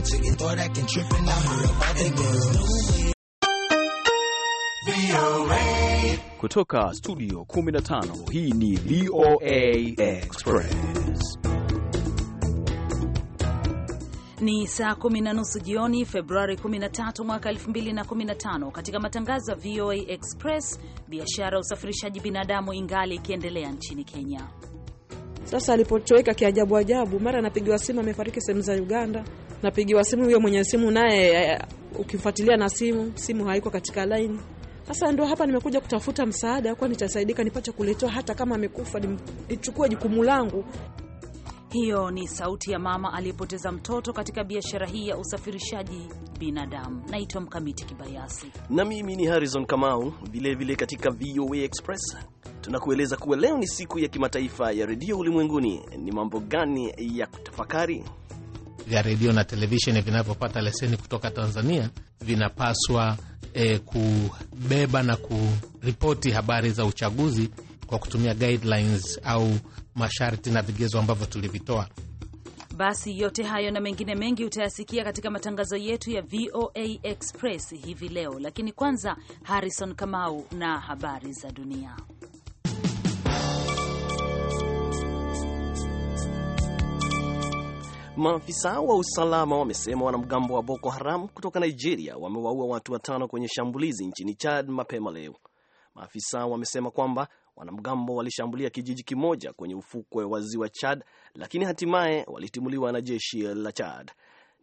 fried chicken, thought trip and I heard about the girls. Kutoka studio 15 hii ni VOA Express. Ni saa kumi na nusu jioni Februari 13 mwaka 2015. Katika matangazo ya VOA Express, biashara ya usafirishaji binadamu ingali ikiendelea nchini Kenya. Sasa alipotoweka kiajabu ajabu, mara anapigiwa simu amefariki sehemu za Uganda, napigiwa simu, huyo mwenye simu naye eh, ukimfuatilia na simu, simu haiko katika line. Sasa ndo hapa nimekuja kutafuta msaada, kwa nitasaidika nipate kuletewa, hata kama amekufa nichukue jukumu langu. Hiyo ni sauti ya mama aliyepoteza mtoto katika biashara hii ya usafirishaji binadamu. Naitwa Mkamiti Kibayasi na mimi ni Harrison Kamau. Vilevile katika VOA Express tunakueleza kuwa leo ni siku ya kimataifa ya redio ulimwenguni. Ni mambo gani ya kutafakari? vya redio na televisheni vinavyopata leseni kutoka Tanzania vinapaswa e, kubeba na kuripoti habari za uchaguzi kwa kutumia guidelines au masharti na vigezo ambavyo tulivitoa. Basi yote hayo na mengine mengi utayasikia katika matangazo yetu ya VOA Express hivi leo, lakini kwanza Harrison Kamau na habari za dunia. Maafisa wa usalama wamesema wanamgambo wa Boko Haram kutoka Nigeria wamewaua watu watano kwenye shambulizi nchini Chad mapema leo. Maafisa wamesema kwamba wanamgambo walishambulia kijiji kimoja kwenye ufukwe wa ziwa Chad, lakini hatimaye walitimuliwa na jeshi la Chad.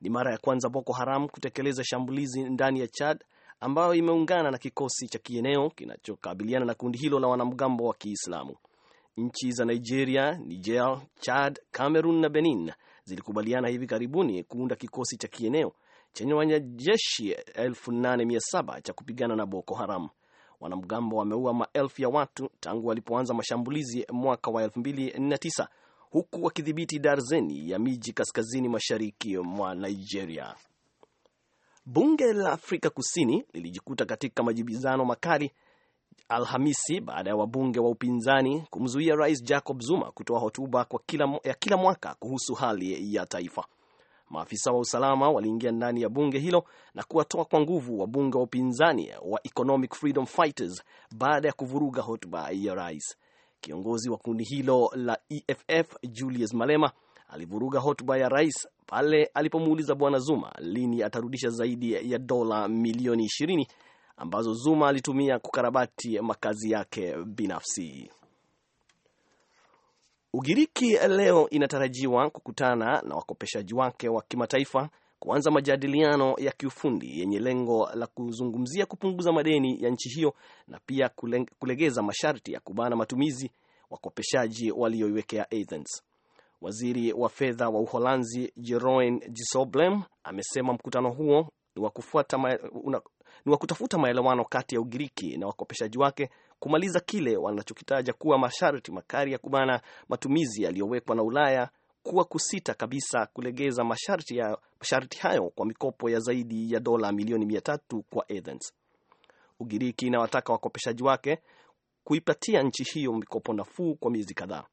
Ni mara ya kwanza Boko Haram kutekeleza shambulizi ndani ya Chad ambayo imeungana na kikosi cha kieneo kinachokabiliana na kundi hilo la wanamgambo wa Kiislamu. Nchi za Nigeria, Niger, Chad, Cameroon na Benin zilikubaliana hivi karibuni kuunda kikosi cha kieneo chenye wanajeshi 87 cha kupigana na Boko Haram. Wanamgambo wameua maelfu ya watu tangu walipoanza mashambulizi mwaka wa 2009 huku wakidhibiti darzeni ya miji kaskazini mashariki mwa Nigeria. Bunge la Afrika Kusini lilijikuta katika majibizano makali Alhamisi baada ya wabunge wa upinzani kumzuia Rais Jacob Zuma kutoa hotuba kwa kila, ya kila mwaka kuhusu hali ya taifa. Maafisa wa usalama waliingia ndani ya bunge hilo na kuwatoa kwa nguvu wabunge wa upinzani wa Economic Freedom Fighters baada ya kuvuruga hotuba ya rais. Kiongozi wa kundi hilo la EFF Julius Malema alivuruga hotuba ya rais pale alipomuuliza Bwana Zuma lini atarudisha zaidi ya dola milioni ishirini ambazo Zuma alitumia kukarabati makazi yake binafsi. Ugiriki leo inatarajiwa kukutana na wakopeshaji wake wa kimataifa kuanza majadiliano ya kiufundi yenye lengo la kuzungumzia kupunguza madeni ya nchi hiyo na pia kulegeza masharti ya kubana matumizi wakopeshaji walioiwekea Athens. Waziri wa fedha wa Uholanzi Jeroen Dijsselbloem amesema mkutano huo ni wa kufuata ni wa kutafuta maelewano kati ya Ugiriki na wakopeshaji wake kumaliza kile wanachokitaja kuwa masharti makali ya kubana matumizi yaliyowekwa na Ulaya kuwa kusita kabisa kulegeza masharti, ya, masharti hayo kwa mikopo ya zaidi ya dola milioni mia tatu kwa Athens. Ugiriki inawataka wakopeshaji wake kuipatia nchi hiyo mikopo nafuu kwa miezi kadhaa.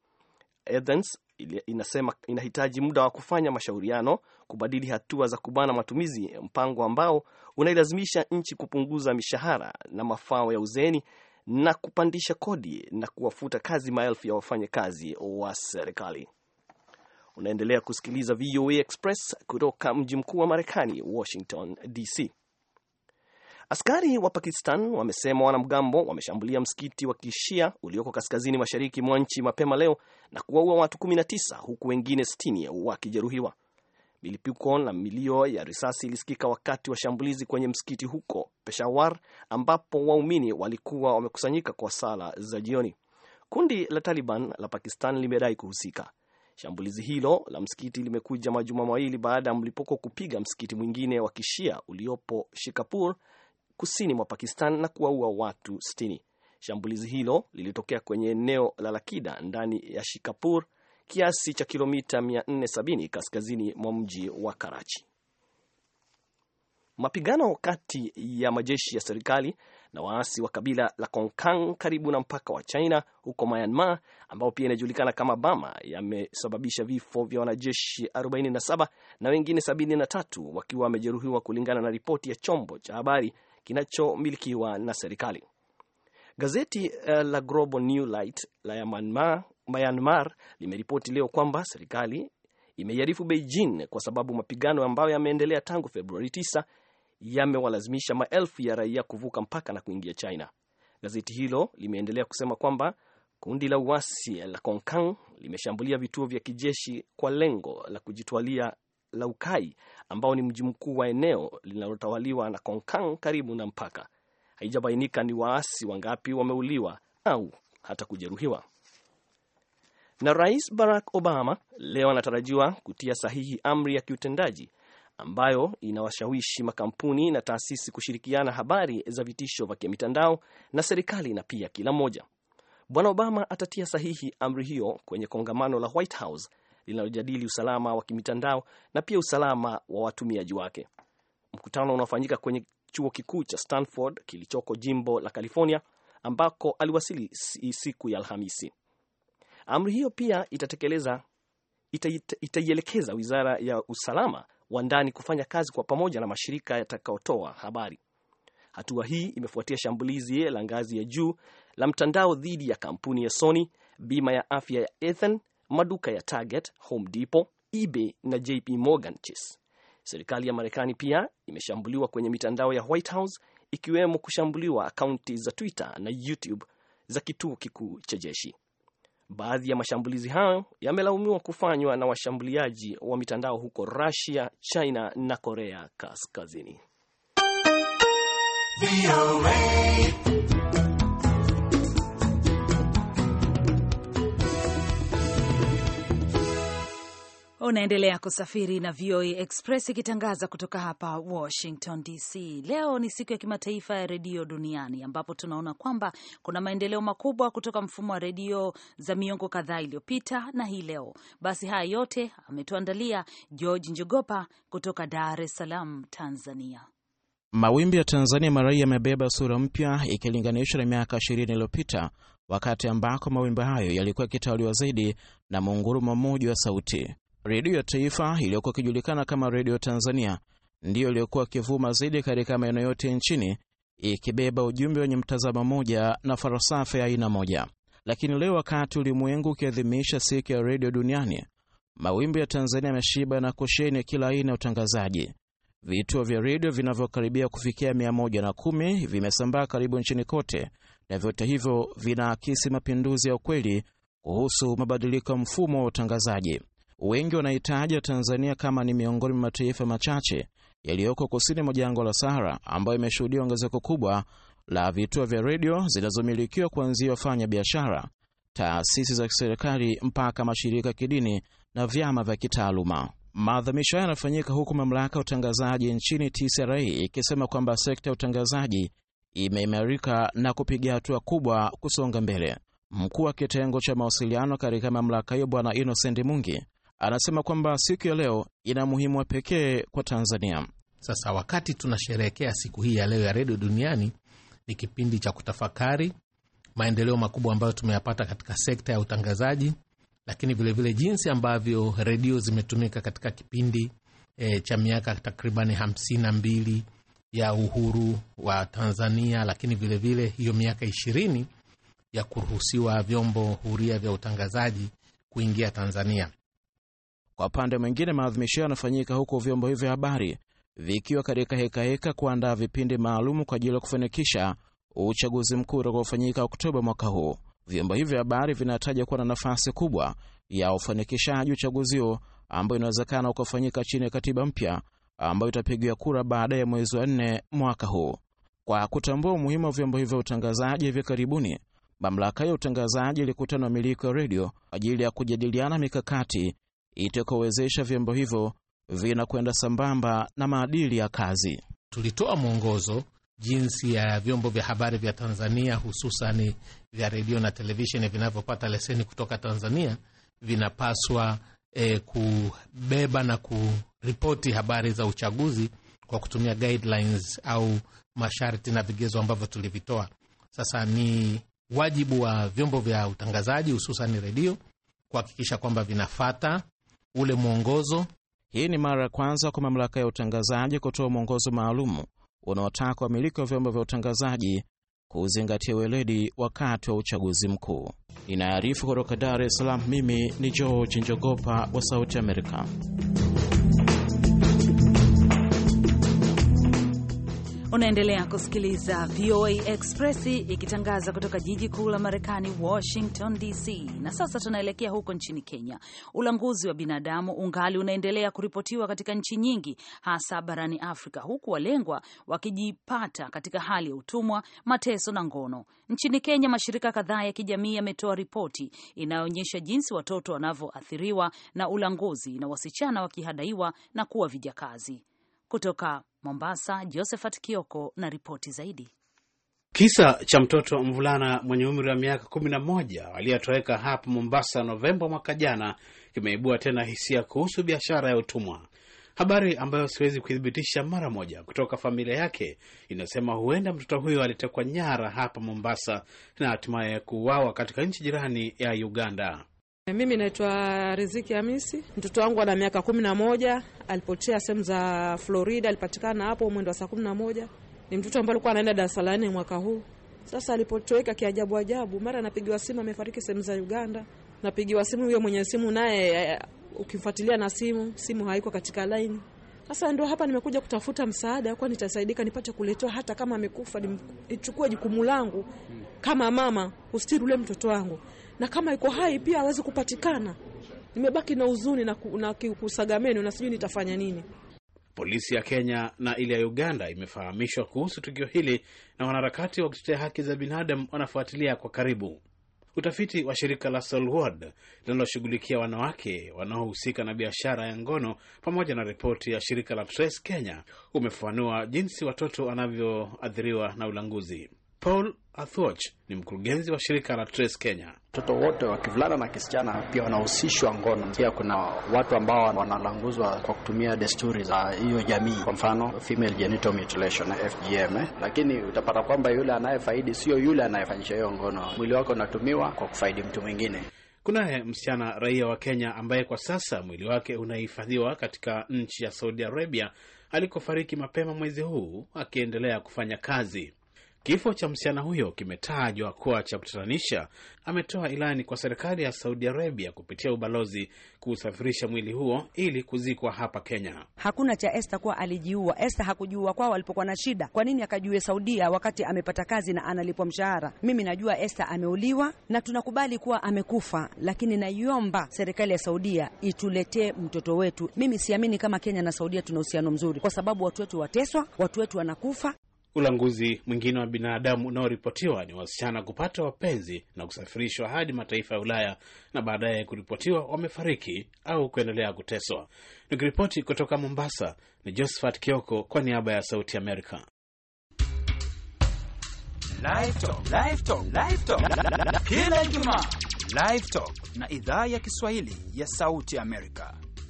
Athens inasema inahitaji muda wa kufanya mashauriano kubadili hatua za kubana matumizi, mpango ambao unailazimisha nchi kupunguza mishahara na mafao ya uzeeni na kupandisha kodi na kuwafuta kazi maelfu ya wafanyakazi wa serikali. Unaendelea kusikiliza VOA Express kutoka mji mkuu wa Marekani, Washington DC. Askari wa Pakistan wamesema wanamgambo wameshambulia msikiti wa kishia ulioko kaskazini mashariki mwa nchi mapema leo na kuwaua watu 19 huku wengine 60 wakijeruhiwa. Milipuko na milio ya risasi ilisikika wakati wa shambulizi kwenye msikiti huko Peshawar, ambapo waumini walikuwa wamekusanyika kwa sala za jioni. Kundi la Taliban la Pakistan limedai kuhusika. Shambulizi hilo la msikiti limekuja majuma mawili baada ya mlipuko kupiga msikiti mwingine wa kishia uliopo Shikapur kusini mwa Pakistan na kuwaua watu 60. Shambulizi hilo lilitokea kwenye eneo la Lakida ndani ya Shikapur, kiasi cha kilomita 470 kaskazini mwa mji wa Karachi. Mapigano kati ya majeshi ya serikali na waasi wa kabila la Konkang karibu na mpaka wa China huko Myanmar, ambao pia inajulikana kama Bama, yamesababisha vifo vya wanajeshi 47 na wengine 73 wakiwa wamejeruhiwa, kulingana na ripoti ya chombo cha habari kinachomilikiwa na serikali. Gazeti uh, la Global New Light la Myanmar, Myanmar limeripoti leo kwamba serikali imeiarifu Beijing kwa sababu mapigano ambayo yameendelea tangu Februari 9 yamewalazimisha maelfu ya raia kuvuka mpaka na kuingia China. Gazeti hilo limeendelea kusema kwamba kundi la uasi la Konkang limeshambulia vituo vya kijeshi kwa lengo la kujitwalia Laukai ambao ni mji mkuu wa eneo linalotawaliwa na Konkang karibu na mpaka. Haijabainika ni waasi wangapi wameuliwa au hata kujeruhiwa. Na Rais Barack Obama leo anatarajiwa kutia sahihi amri ya kiutendaji ambayo inawashawishi makampuni na taasisi kushirikiana habari za vitisho vya kimitandao na serikali na pia kila mmoja. Bwana Obama atatia sahihi amri hiyo kwenye kongamano la White House linalojadili usalama wa kimitandao na pia usalama wa watumiaji wake. Mkutano unaofanyika kwenye chuo kikuu cha Stanford kilichoko jimbo la California ambako aliwasili siku ya Alhamisi. Amri hiyo pia itaielekeza ita, ita wizara ya usalama wa ndani kufanya kazi kwa pamoja na mashirika yatakayotoa habari. Hatua hii imefuatia shambulizi la ngazi ya juu la mtandao dhidi ya kampuni ya Sony, bima ya afya ya Ethan maduka ya Target, Home Depot, eBay na JP Morgan Chase. Serikali ya Marekani pia imeshambuliwa kwenye mitandao ya White House, ikiwemo kushambuliwa akaunti za Twitter na YouTube za kituo kikuu cha jeshi. Baadhi ya mashambulizi hayo yamelaumiwa kufanywa na washambuliaji wa mitandao huko Russia, China na Korea Kaskazini. Unaendelea kusafiri na VOA Express ikitangaza kutoka hapa Washington DC. Leo ni siku ya kimataifa ya redio duniani, ambapo tunaona kwamba kuna maendeleo makubwa kutoka mfumo wa redio za miongo kadhaa iliyopita na hii leo. Basi haya yote ametuandalia George Njogopa kutoka Dar es Salaam, Tanzania. Mawimbi ya Tanzania Marai yamebeba sura mpya ikilinganishwa na miaka ishirini iliyopita wakati ambako mawimbi hayo yalikuwa yakitawaliwa zaidi na muungurumo mmoja wa sauti. Redio ya Taifa iliyokuwa ikijulikana kama Redio Tanzania ndiyo iliyokuwa ikivuma zaidi katika maeneo yote nchini, ikibeba ujumbe wenye mtazamo moja na falsafa ya aina moja. Lakini leo wakati ulimwengu ukiadhimisha siku ya redio duniani, mawimbi ya Tanzania yameshiba na kusheni kila aina ya utangazaji. Vituo vya redio vinavyokaribia kufikia 11 vimesambaa karibu nchini kote, na vyote hivyo vinaakisi mapinduzi ya ukweli kuhusu mabadiliko ya mfumo wa utangazaji. Wengi wanaitaja Tanzania kama ni miongoni mwa mataifa machache yaliyoko kusini mwa jangwa la Sahara ambayo imeshuhudia ongezeko kubwa la vituo vya redio zinazomilikiwa kuanzia wafanya biashara, taasisi za kiserikali mpaka mashirika ya kidini na vyama vya kitaaluma. Maadhimisho hayo yanafanyika huku mamlaka ya utangazaji nchini TCRA ikisema kwamba sekta ya utangazaji imeimarika na kupiga hatua kubwa kusonga mbele. Mkuu wa kitengo cha mawasiliano katika mamlaka hiyo Bwana Innocent Mungi anasema kwamba siku ya leo ina umuhimu wa pekee kwa Tanzania. Sasa wakati tunasherehekea siku hii ya leo ya redio duniani, ni kipindi cha kutafakari maendeleo makubwa ambayo tumeyapata katika sekta ya utangazaji, lakini vilevile vile jinsi ambavyo redio zimetumika katika kipindi e, cha miaka takribani hamsini na mbili ya uhuru wa Tanzania, lakini vilevile vile, hiyo miaka ishirini ya kuruhusiwa vyombo huria vya utangazaji kuingia Tanzania. Kwa upande mwingine, maadhimisho yanafanyika huku vyombo hivyo vya habari vikiwa katika hekaheka kuandaa vipindi maalum kwa ajili ya kufanikisha uchaguzi mkuu utakaofanyika Oktoba mwaka huu. Vyombo hivyo vya habari vinataja kuwa na nafasi kubwa ya ufanikishaji uchaguzi huo ambayo inawezekana ukafanyika chini ya katiba mpya ambayo itapigiwa kura baada ya mwezi wa nne mwaka huu. Kwa kutambua umuhimu wa vyombo hivyo vya utangazaji, hivi karibuni mamlaka ya utangazaji ilikutana na wamiliki ya redio kwa ajili ya kujadiliana mikakati itakowezesha vyombo hivyo vinakwenda sambamba na maadili ya kazi. Tulitoa mwongozo jinsi ya vyombo vya habari vya Tanzania hususani vya redio na televisheni vinavyopata leseni kutoka Tanzania vinapaswa eh, kubeba na kuripoti habari za uchaguzi kwa kutumia guidelines au masharti na vigezo ambavyo tulivitoa. Sasa ni wajibu wa vyombo vya utangazaji hususani redio kuhakikisha kwamba vinafata ule mwongozo. Hii ni mara ya kwanza kwa mamlaka ya utangazaji kutoa mwongozo maalumu unaotaka wamiliki wa vyombo vya utangazaji kuzingatia weledi wakati wa uchaguzi mkuu. Inaarifu kutoka Dar es Salaam, mimi ni George Njogopa wa Sauti Amerika. Unaendelea kusikiliza VOA Express ikitangaza kutoka jiji kuu la Marekani, Washington DC. Na sasa tunaelekea huko nchini Kenya. Ulanguzi wa binadamu ungali unaendelea kuripotiwa katika nchi nyingi, hasa barani Afrika, huku walengwa wakijipata katika hali ya utumwa, mateso na ngono. Nchini Kenya, mashirika kadhaa ya kijamii yametoa ripoti inayoonyesha jinsi watoto wanavyoathiriwa na ulanguzi na wasichana wakihadaiwa na kuwa vijakazi. Kutoka Mombasa, Josephat Kioko na ripoti zaidi. Kisa cha mtoto mvulana mwenye umri wa miaka kumi na moja aliyetoweka hapa Mombasa Novemba mwaka jana kimeibua tena hisia kuhusu biashara ya utumwa, habari ambayo siwezi kuthibitisha mara moja. Kutoka familia yake inasema huenda mtoto huyo alitekwa nyara hapa Mombasa na hatimaye kuuawa katika nchi jirani ya Uganda. Mimi naitwa Riziki Hamisi. Mtoto wangu ana miaka kumi na moja, alipotea sehemu za Florida, alipatikana hapo mwendo wa saa kumi na moja. Ni mtoto ambaye alikuwa anaenda darasa la nne mwaka huu. Sasa alipotoweka kiajabu ajabu, mara anapigiwa simu amefariki sehemu za Uganda, napigiwa simu huyo mwenye simu naye, eh, ukifuatilia na simu, simu haiko katika laini. Sasa ndio hapa nimekuja kutafuta msaada, kwa nitasaidika nipate kuletewa, hata kama amekufa nichukue jukumu langu kama mama, ustiri ule mtoto wangu na kama iko hai pia hawezi kupatikana. Nimebaki na huzuni na, na kusagameno na sijui nitafanya nini. Polisi ya Kenya na ile ya Uganda imefahamishwa kuhusu tukio hili na wanaharakati wa kutetea haki za binadamu wanafuatilia kwa karibu. Utafiti wa shirika la Solward linaloshughulikia wanawake wanaohusika na biashara ya ngono pamoja na ripoti ya shirika la tres Kenya umefafanua jinsi watoto wanavyoathiriwa na ulanguzi. Paul Athoch ni mkurugenzi wa shirika la Trace Kenya. Watoto wote wa kivulana na kisichana pia wanahusishwa ngono. Pia kuna watu ambao wanalanguzwa kwa kutumia desturi za hiyo jamii, kwa mfano female genital mutilation FGM eh. Lakini utapata kwamba yule anayefaidi sio yule anayefanyisha hiyo ngono, mwili wake unatumiwa kwa kufaidi mtu mwingine. Kunaye msichana raia wa Kenya ambaye kwa sasa mwili wake unahifadhiwa katika nchi ya Saudi Arabia alikofariki mapema mwezi huu akiendelea kufanya kazi. Kifo cha msichana huyo kimetajwa kuwa cha kutatanisha. Ametoa ilani kwa serikali ya Saudi Arabia kupitia ubalozi kuusafirisha mwili huo ili kuzikwa hapa Kenya. Hakuna cha Esther kuwa alijiua. Esther hakujiua kwao alipokuwa na shida. Kwa nini akajue Saudia wakati amepata kazi na analipwa mshahara? Mimi najua Esther ameuliwa na tunakubali kuwa amekufa, lakini naiomba serikali ya Saudia ituletee mtoto wetu. Mimi siamini kama Kenya na Saudia tuna uhusiano mzuri, kwa sababu watu wetu wateswa, watu wetu wanakufa. Ulanguzi mwingine wa binadamu unaoripotiwa ni wasichana kupata wapenzi na kusafirishwa hadi mataifa ya Ulaya na baadaye kuripotiwa wamefariki au kuendelea kuteswa. Nikiripoti kutoka Mombasa ni Josephat Kioko kwa niaba ya Sauti Amerika. Kila Ijumaa Live Talk na idhaa ya Kiswahili ya Sauti Amerika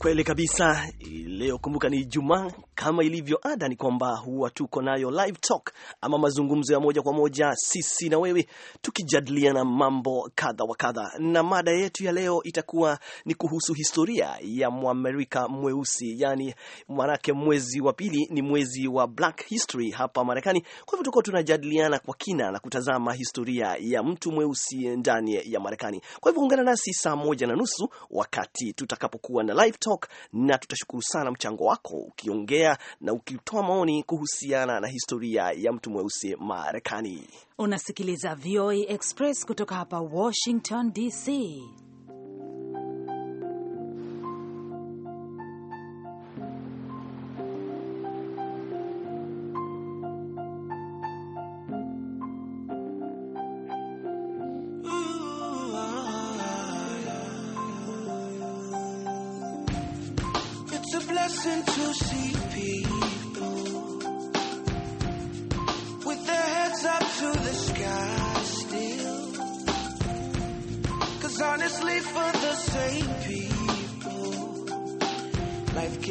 Kweli kabisa. Leo kumbuka, ni Ijumaa, kama ilivyo ada, ni kwamba huwa tuko nayo live talk ama mazungumzo ya moja kwa moja, sisi na wewe tukijadiliana mambo kadha wa kadha, na mada yetu ya leo itakuwa ni kuhusu historia ya Mwamerika mweusi, yani manake mwezi wa pili ni mwezi wa Black History hapa Marekani. Kwa hivyo tuko tunajadiliana kwa kina na kutazama historia ya mtu mweusi ndani ya Marekani. Kwa hivyo ungana nasi saa moja na nusu wakati tutakapokuwa na live talk, na tutashukuru sana mchango wako ukiongea kuendelea na ukitoa maoni kuhusiana na historia ya mtu mweusi Marekani. Unasikiliza VOA e Express kutoka hapa Washington DC.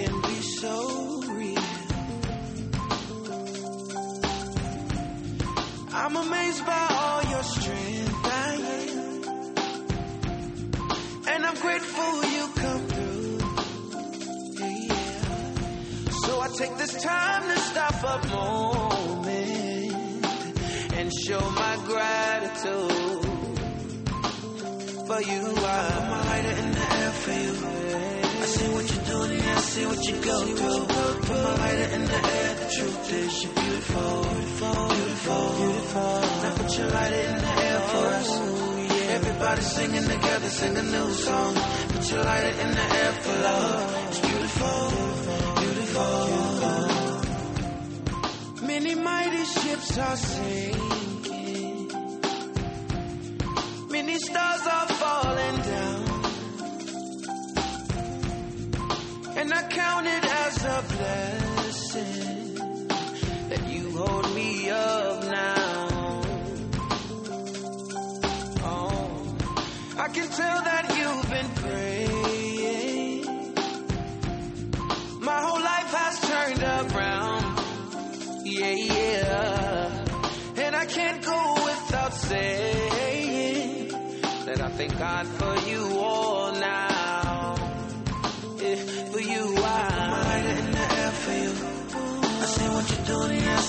can be so real. I'm amazed by all your strength, I am. And I'm grateful you come through. Yeah. So I take this time to stop a moment and show my gratitude for you. I put my lighter in the air for you. I see what you're doing now see what you go through. Put my lighter in the air. The truth is, you're beautiful, beautiful, beautiful, beautiful. Now put your lighter in the air for us. Oh, Everybody singing together, sing a new song. Put your lighter in the air for love. It's beautiful, beautiful, beautiful. Many mighty ships are sinking. Many stars are falling down. and I count it as a blessing that you hold me up now. Oh, I can tell that you've been praying. My whole life has turned around. Yeah, yeah. And I can't go without saying that I thank God for you.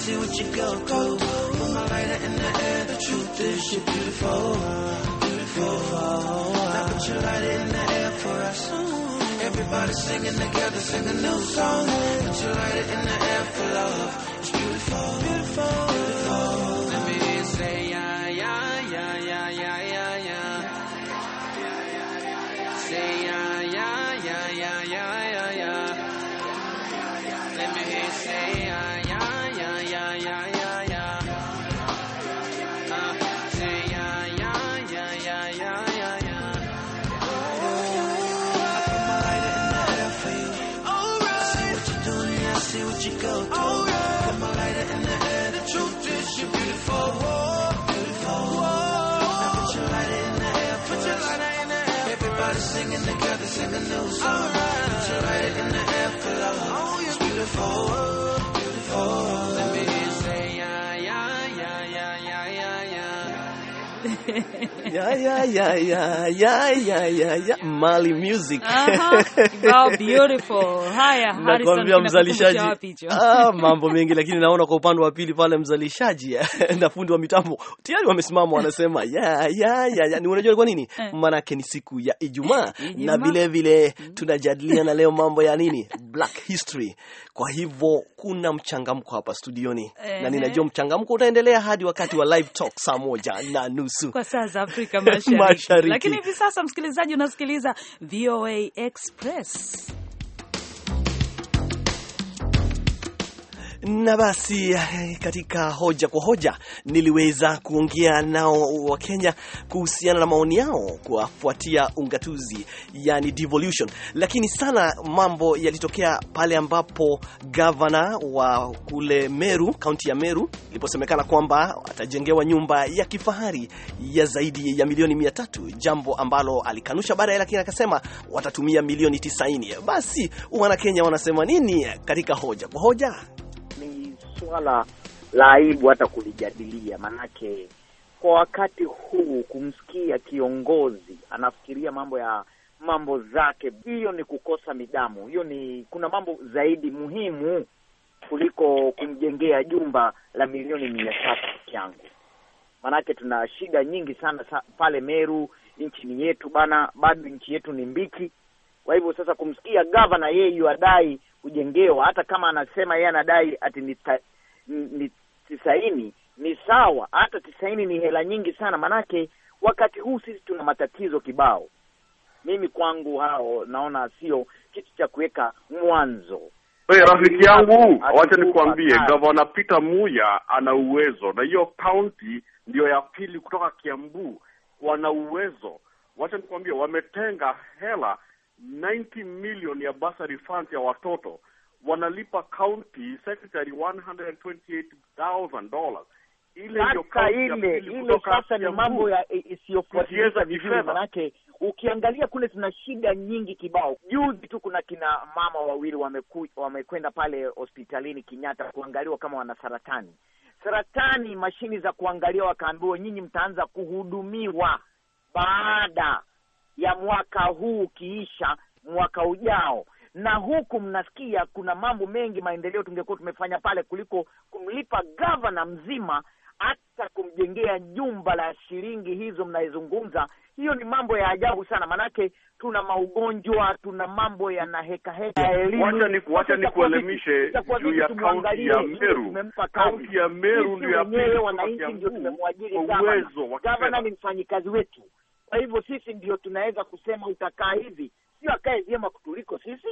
see what you go go. Put my lighter in the air. The truth is you're beautiful, beautiful. Now put your lighter in the air for us. Everybody singing together, sing a new song. Put your lighter in the air for love. It's beautiful, beautiful, beautiful. ya, ya, ya, ya, ya, ya, ya, ya. Mali music. Aha, wow, beautiful. Haya, nakwambia mzalishaji. Ah, mambo mengi lakini naona kwa upande wa pili pale mzalishaji eh, na fundi wa mitambo tayari wamesimama wanasema ya, ya, ya, yeah. Ni unajua kwa nini? Eh. Maanake ni siku ya Ijumaa na vile vile mm-hmm. tunajadiliana leo mambo ya nini? Black History. Kwa hivyo kuna mchangamko hapa studioni na ninajua mchangamko utaendelea hadi wakati wa live talk saa moja na nusu nusu kwa saa za Afrika Mashariki. Mashariki. Lakini hivi sasa, msikilizaji, unasikiliza VOA Express na basi eh, katika hoja kwa hoja niliweza kuongea nao wa Kenya kuhusiana na maoni yao kuwafuatia ungatuzi, yani devolution, lakini sana mambo yalitokea pale ambapo gavana wa kule Meru, kaunti ya Meru, iliposemekana kwamba atajengewa nyumba ya kifahari ya zaidi ya milioni mia tatu, jambo ambalo alikanusha baadaye, lakini akasema watatumia milioni 90. Basi wana Kenya wanasema nini katika hoja kwa hoja? swala la aibu hata kulijadilia, maanake kwa wakati huu kumsikia kiongozi anafikiria mambo ya mambo zake, hiyo ni kukosa midamu. Hiyo ni kuna mambo zaidi muhimu kuliko kumjengea jumba la milioni mia tatu peke yangu, maanake tuna shida nyingi sana sa, pale Meru nchini yetu bana, bado nchi yetu ni mbiki. Kwa hivyo sasa kumsikia gavana yeye yuadai kujengewa, hata kama anasema yeye anadai ati ni tisaini ni sawa, hata tisaini ni hela nyingi sana, manake wakati huu sisi tuna matatizo kibao. Mimi kwangu hao naona sio kitu cha kuweka mwanzo. Hey, rafiki yangu, wacha nikuambie, gavana Peter Muya ana uwezo, na hiyo kaunti ndiyo ya pili kutoka Kiambu, wana uwezo. Wacha nikuambie, wametenga hela 90 million ya basari fund ya watoto wanalipa kaunti secretary 128,000 dollars. Ile ile ile sasa ni mambo ya eh, eh, isiyofuatilika vizuri, manake ukiangalia kule tuna shida nyingi kibao. Juzi tu kuna kina mama wawili wamekwenda pale hospitalini kinyatta kuangaliwa kama wana saratani saratani, mashini za kuangalia, wakaambiwa nyinyi mtaanza kuhudumiwa baada ya mwaka huu ukiisha mwaka ujao na huku mnasikia kuna mambo mengi maendeleo tungekuwa tumefanya pale kuliko kumlipa gavana mzima hata kumjengea jumba la shilingi hizo mnayezungumza. Hiyo ni mambo ya ajabu sana, maanake tuna maugonjwa, tuna mambo yana heka juu ya kaunti ya Meru. Kaunti ya Meru ndio ya pili, wananchi ndio tumemwajiri gavana. Gavana ni mfanyikazi wetu, kwa hivyo sisi ndio tunaweza kusema utakaa hivi sio akae vyema kutuliko sisi,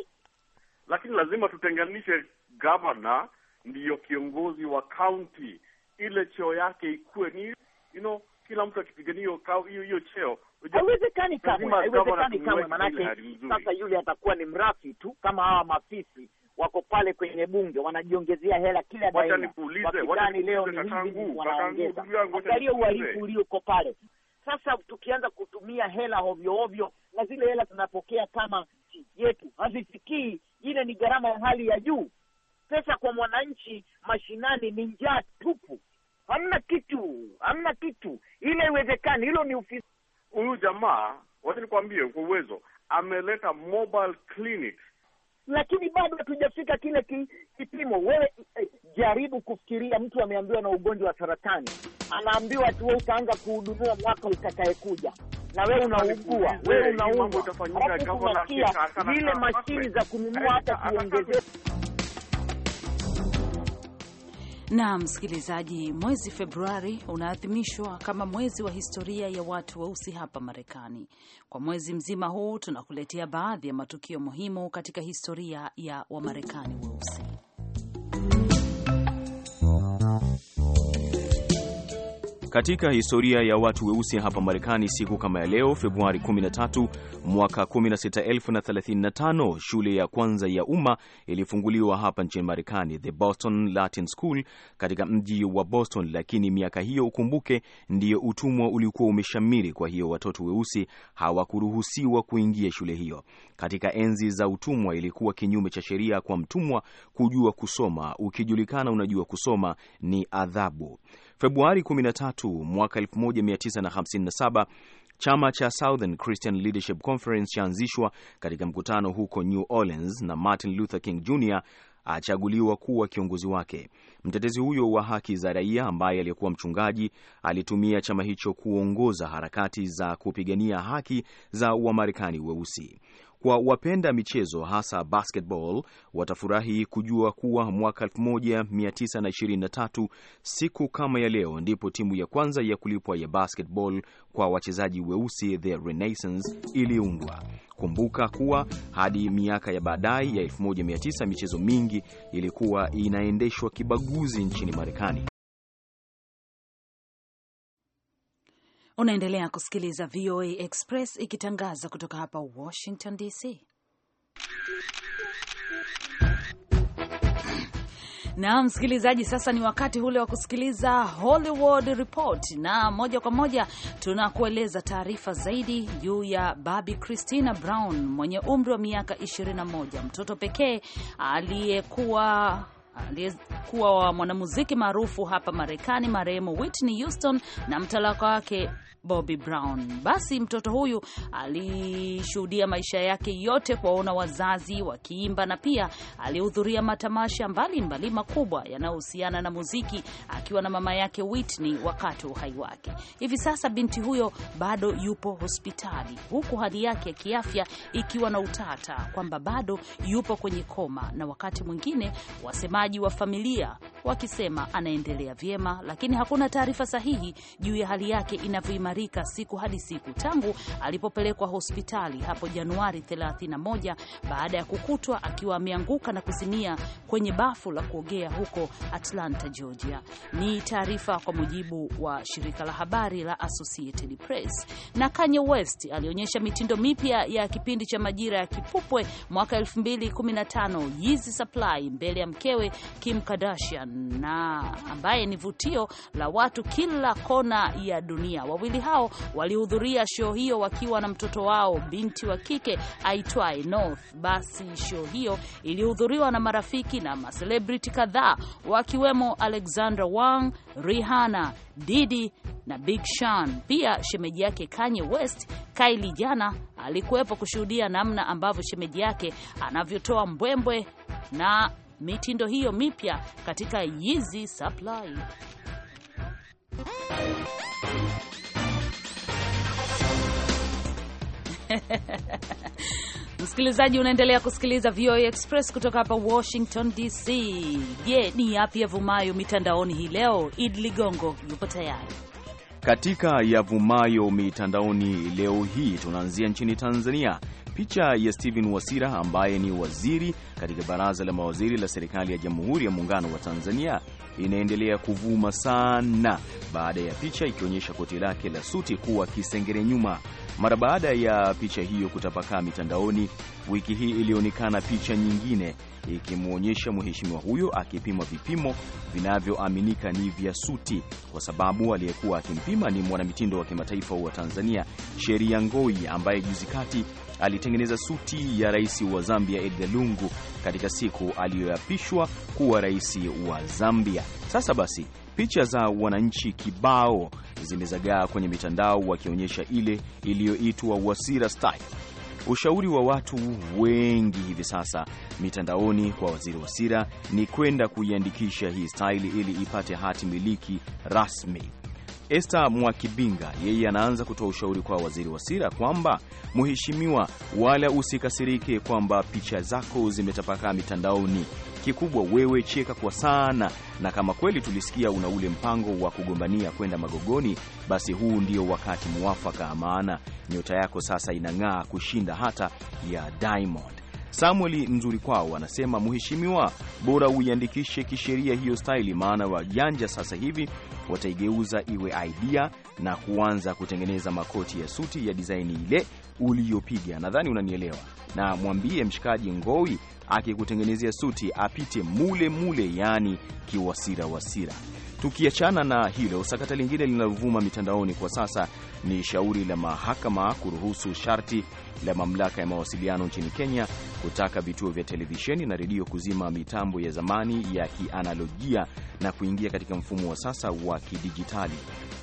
lakini lazima tutenganishe gavana, ndiyo kiongozi wa kaunti, ile cheo yake ikuwe ni you know, kila mtu akipigania hiyo hiyo cheo haiwezekani kamwe, haiwezekani kamwe, maanake sasa yule atakuwa ni mrafi tu, kama hawa maafisi wako pale kwenye bunge wanajiongezea hela kila daima, leo ni hivi wanaongeza. Angalia uhalifu ulioko pale, sasa tukianza kutumia hela hovyohovyo na zile hela tunapokea kama nchi yetu hazifikii, ile ni gharama ya hali ya juu. Pesa kwa mwananchi mashinani ni njaa tupu, hamna kitu, hamna kitu, ile iwezekani Hilo ni ofisi. Huyu jamaa, wacha nikuambie, kwa uwezo ameleta mobile clinic, lakini bado hatujafika kile kipimo. Wewe eh, jaribu kufikiria, mtu ameambiwa na ugonjwa wa saratani anaambiwa tu wewe utaanza kuhudumiwa mwaka utakayekuja na wewe unaugua, wewe unaumwa, zile mashini za kununua hata kuongezea na msikilizaji, mwezi Februari unaadhimishwa kama mwezi wa historia ya watu weusi wa hapa Marekani. Kwa mwezi mzima huu tunakuletea baadhi ya matukio muhimu katika historia ya Wamarekani weusi wa katika historia ya watu weusi hapa Marekani, siku kama ya leo Februari 13 mwaka 16035, shule ya kwanza ya umma ilifunguliwa hapa nchini Marekani, The Boston Latin School katika mji wa Boston. Lakini miaka hiyo, ukumbuke, ndiyo utumwa ulikuwa umeshamiri. Kwa hiyo watoto weusi hawakuruhusiwa kuingia shule hiyo. Katika enzi za utumwa, ilikuwa kinyume cha sheria kwa mtumwa kujua kusoma. Ukijulikana unajua kusoma, ni adhabu. Februari 13 mwaka 1957 chama cha Southern Christian Leadership Conference chaanzishwa katika mkutano huko New Orleans na Martin Luther King Jr achaguliwa kuwa kiongozi wake. Mtetezi huyo wa haki za raia ambaye aliyekuwa mchungaji alitumia chama hicho kuongoza harakati za kupigania haki za Wamarekani weusi. Kwa wapenda michezo hasa basketball, watafurahi kujua kuwa mwaka 1923 siku kama ya leo ndipo timu ya kwanza ya kulipwa ya basketball kwa wachezaji weusi the Renaissance iliundwa. Kumbuka kuwa hadi miaka ya baadaye ya 1900 michezo mingi ilikuwa inaendeshwa kibaguzi nchini Marekani. Unaendelea kusikiliza VOA Express ikitangaza kutoka hapa Washington DC. Na msikilizaji, sasa ni wakati ule wa kusikiliza Hollywood Report, na moja kwa moja tunakueleza taarifa zaidi juu ya babi Christina Brown mwenye umri wa miaka 21, mtoto pekee aliyekuwa aliyekuwa wa mwanamuziki maarufu hapa Marekani marehemu Whitney Houston na mtalaka wake Bobby Brown. Basi mtoto huyu alishuhudia maisha yake yote kuwaona wazazi wakiimba na pia alihudhuria matamasha mbalimbali makubwa yanayohusiana na muziki akiwa na mama yake Whitney wakati wa uhai wake. Hivi sasa binti huyo bado yupo hospitali huku hali yake ya kiafya ikiwa na utata kwamba bado yupo kwenye koma, na wakati mwingine wasemaji wa familia wakisema anaendelea vyema, lakini hakuna taarifa sahihi juu ya hali yake inavyoimarika kuimarika siku hadi siku tangu alipopelekwa hospitali hapo Januari 31 baada ya kukutwa akiwa ameanguka na kuzimia kwenye bafu la kuogea huko Atlanta, Georgia. Ni taarifa kwa mujibu wa shirika la habari la Associated Press. Na Kanye West alionyesha mitindo mipya ya kipindi cha Majira ya Kipupwe mwaka 2015 Yeezy Supply mbele ya mkewe Kim Kardashian na ambaye ni vutio la watu kila kona ya dunia. Wawili wawili hao walihudhuria show hiyo wakiwa na mtoto wao binti wa kike aitwaye North. Basi show hiyo ilihudhuriwa na marafiki na maselebriti kadhaa wakiwemo Alexandra Wang, Rihanna, Didi na Big Sean. Pia shemeji yake Kanye West Kylie jana alikuwepo kushuhudia namna ambavyo shemeji yake anavyotoa mbwembwe na mitindo hiyo mipya katika Yeezy Supply. Msikilizaji, unaendelea kusikiliza VOA Express kutoka hapa Washington DC. Je, ni yapi yavumayo mitandaoni hii leo? Id Ligongo yupo tayari. Katika yavumayo mitandaoni leo hii tunaanzia nchini Tanzania. Picha ya Steven Wasira ambaye ni waziri katika baraza la mawaziri la serikali ya Jamhuri ya Muungano wa Tanzania inaendelea kuvuma sana baada ya picha ikionyesha koti lake la suti kuwa kisengere nyuma. Mara baada ya picha hiyo kutapakaa mitandaoni, wiki hii ilionekana picha nyingine ikimwonyesha mheshimiwa huyo akipimwa vipimo vinavyoaminika ni vya suti, kwa sababu aliyekuwa akimpima ni mwanamitindo wa kimataifa wa Tanzania Sheria Ngoi, ambaye juzi kati alitengeneza suti ya rais wa Zambia Edgar Lungu katika siku aliyoapishwa kuwa rais wa Zambia. Sasa basi Picha za wananchi kibao zimezagaa kwenye mitandao wakionyesha ile iliyoitwa Wasira style. Ushauri wa watu wengi hivi sasa mitandaoni kwa Waziri Wasira ni kwenda kuiandikisha hii staili ili ipate hati miliki rasmi. este Mwakibinga yeye anaanza kutoa ushauri kwa Waziri Wasira kwamba mheshimiwa, wala usikasirike kwamba picha zako zimetapakaa mitandaoni. Kikubwa wewe cheka kwa sana, na kama kweli tulisikia una ule mpango wa kugombania kwenda Magogoni, basi huu ndio wakati mwafaka maana nyota yako sasa inang'aa kushinda hata ya Diamond. Samuel Mzuri Kwao anasema, mheshimiwa, bora uiandikishe kisheria hiyo staili, maana wajanja sasa hivi wataigeuza iwe idea na kuanza kutengeneza makoti ya suti ya dizaini ile uliyopiga. Nadhani unanielewa. Na mwambie mshikaji Ngowi akikutengenezea suti apite mule mule, yaani kiwasira wasira. Tukiachana na hilo, sakata lingine linalovuma mitandaoni kwa sasa ni shauri la mahakama kuruhusu sharti la mamlaka ya mawasiliano nchini Kenya kutaka vituo vya televisheni na redio kuzima mitambo ya zamani ya kianalojia na kuingia katika mfumo wa sasa wa kidijitali,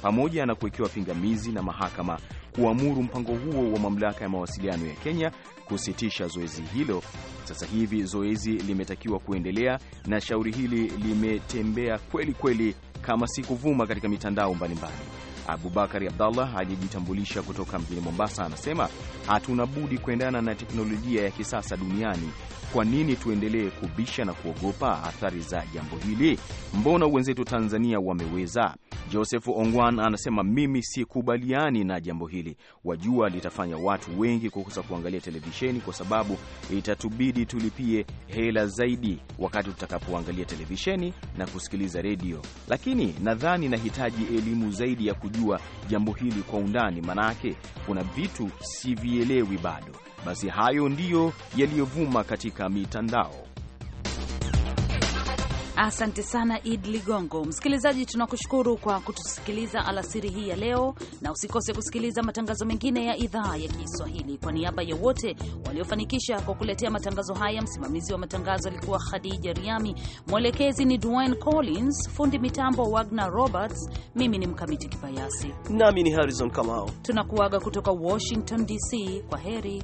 pamoja na kuwekewa pingamizi na mahakama kuamuru mpango huo wa mamlaka ya mawasiliano ya Kenya kusitisha zoezi hilo. Sasa hivi zoezi limetakiwa kuendelea, na shauri hili limetembea kweli kweli kama si kuvuma katika mitandao mbalimbali. Abubakari Abdallah aliyejitambulisha kutoka mjini Mombasa anasema hatuna budi kuendana na teknolojia ya kisasa duniani. Kwa nini tuendelee kubisha na kuogopa athari za jambo hili? Mbona wenzetu Tanzania wameweza? Joseph Ongwan anasema mimi sikubaliani na jambo hili, wajua litafanya watu wengi kukosa kuangalia televisheni kwa sababu itatubidi tulipie hela zaidi wakati tutakapoangalia televisheni na kusikiliza redio, lakini nadhani nahitaji elimu zaidi ya kujua jambo hili kwa undani, manake kuna vitu sivielewi bado. Basi hayo ndiyo yaliyovuma katika mitandao. Asante sana Id Ligongo. Msikilizaji, tunakushukuru kwa kutusikiliza alasiri hii ya leo, na usikose kusikiliza matangazo mengine ya idhaa ya Kiswahili. Kwa niaba ya wote waliofanikisha kwa kuletea matangazo haya, msimamizi wa matangazo alikuwa Khadija Riami, mwelekezi ni Dwayne Collins, fundi mitambo Wagner Roberts, mimi ni Mkamiti Kibayasi nami ni Harrison Kamao, Tunakuaga kutoka Washington DC. Kwa heri.